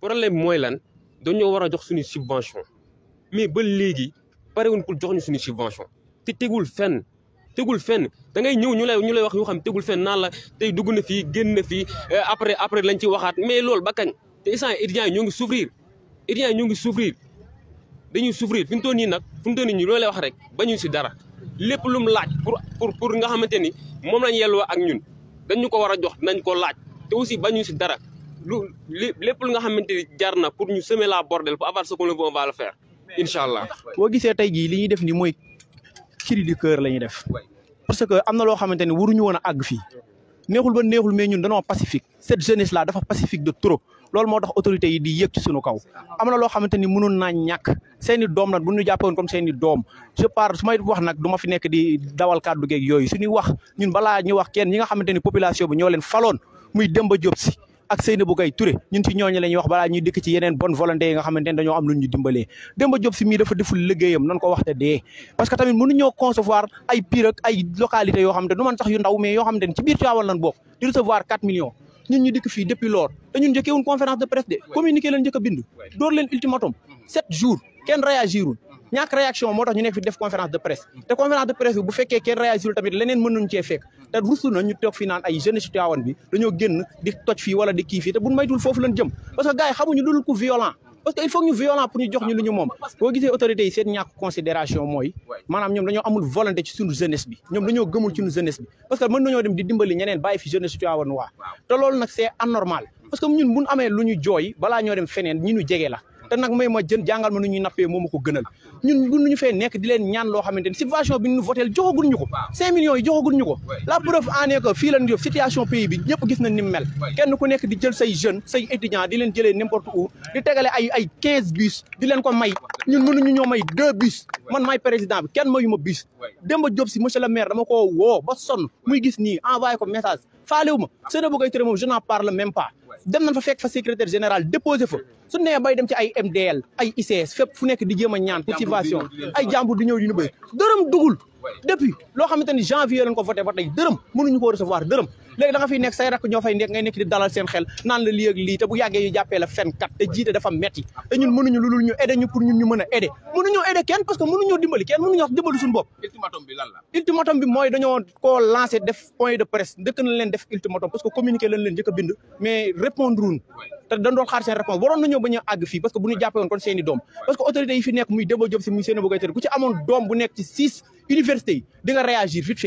problème mooy lan dañoo war a jox suñu subvention mais ba léegi parewuñ pour jox ñu suñu subvention te tegul fenn tegul fenn da ngay ñëw ñu lay ñu lay wax yoo xam tegul fenn naan la tey dugg na fii génn na fii euh, après après lañ ci waxaat mais loolu ba kañ te instant étudiants yi ñoo ngi souffrir étudiants yi ñoo ngi souffrir dañuy souffrir fi mu toll nii nag fi mu toll nii ñu loolu lay wax rek bañu si dara lépp lu mu laaj pour pour pour nga xamante ni moom lañ yelloo ak ñun dañu ko war a jox dinañ ko laaj te aussi bañu si dara. lu lépp lu nga xamanteni jar na pour ñu semer la bordel pour avoir ce qu'on veut on va le faire inshallah bo gisé tay gi li ñi def ni moy cri du cœur lañu def parce que amna lo xamanteni waru ñu wona ag fi neexul ba neexul mais ñun danoo pacifique cette jeunesse là dafa pacifique de trop loolu moo tax autorités yi di yek ci suñu kaw amna lo xamanteni xamante na ñak seeni dom nak i doom bu ñu jàppoon comme seeni dom je parle sumay wax nak duma fi nekk di dawal cadre geeg yoy suñu wax ñun bala ñu wax kenn ñi nga xamanteni population bi ñoo leen faloon muy Demba job si ak Seynabou Gaye Touré ñun ci ñooñu la wax balaa ñuy dikk ci yeneen bonne volonté yi am lu ñu dimbalee Demba Diop si mii dafa deful liggéeyam nan ko wax dee parce que tamit mënuñoo concevoir ay pire ay localités yoo xam te du man sax yu ndaw mais yoo xam te ci biir Tivaouane lan bokk di recevoir 4 millions ñun ñu dikk fii depuis lors te ñun njëkkee wuñ conférence de presse de communiqué leen njëkk a bind door leen ultimatum 7 mm-hmm. jours kenn réagirul ñàkk réaction moo tax ñu nekk fi def conférence de presse te conférence de presse bi bu fekkee kenn réagirul tamit leneen mën nañu cee fekk te rusu na ñu toog fi naan ay jeunes di toj fii wala di kii fii te buñ maytul foofu lañ jëm parce que gars yi xamuñu dul ku violent parce que il faut ñu violent pour ñu jox ñu lu ñu moom boo gisee autorités yi seen ñàkk considération mooy maanaam ñoom dañoo amul volonté ci suñu jeunesse bi ñoom dañoo gëmul ci suñu jeunesse bi que mën nañoo dem di lu ñu jooy balaa ñoo dem feneen ñi ñu la te nag may ma jën jàngal ma nu ñuy nappee moo ma ko gënal ñun bu ñu fee nekk di leen ñaan loo xamante ni subvention bi ñu votel joxagul ñu ko cinq millions yi joxagul ñu ko la preuve en est que fii lan yo bi ñëpp gis na ni mu mel kenn ku nekk di jël say jeunes say étudiants di leen jëlee n'importe où di tegale ay ay quinze di leen ko may ñun ñu ñoo may deux bus man may président bi kenn mayu ma bus Demba Diop si monsieur le maire dama ko woo ba sonn muy gis nii envoyé ko message faalewu ma ah. seen a bëgg ay tëré moom dem nañ fa fekk fa secrétaire général déposé fa su nee bay dem ci ay MDL ay ICS fépp fu nekk di jéem a ñaan motivation ay jàmbur du ñëw di ñu béy dërëm dugul depuis loo xamante ni janvier lañ ko voté ba tey dërëm mënuñu ko recevoir dërëm léegi da nga fi nek say rak ñofay nek ngay nek di dalal seen xel nan la li ak li te bu yagge yu jappé la fen kat te jité dafa metti te ñun mënuñu lu dul ñu aider ñu pour ñun ñu mëna a aider mënuñoo aider kenn parce que mënuñoo dimbali kenn mënuñoo wax dimbali suñu bop ultimatum bi lan la ultimatum bi moy dañoo ko lancer def point de presse ndek na leen def ultimatum parce que communiquer lañ leen jëk bind mais répondre wuñ te dañ doon xaar seen réponse waron nañu bañu ag fi parce que bu ñu jàppee woon kon seen dom parce que autorité yi fi nek muy Debo job ci muy seen bëgg ku ci amone dom bu nek ci 6 université yi di nga réagir vite fait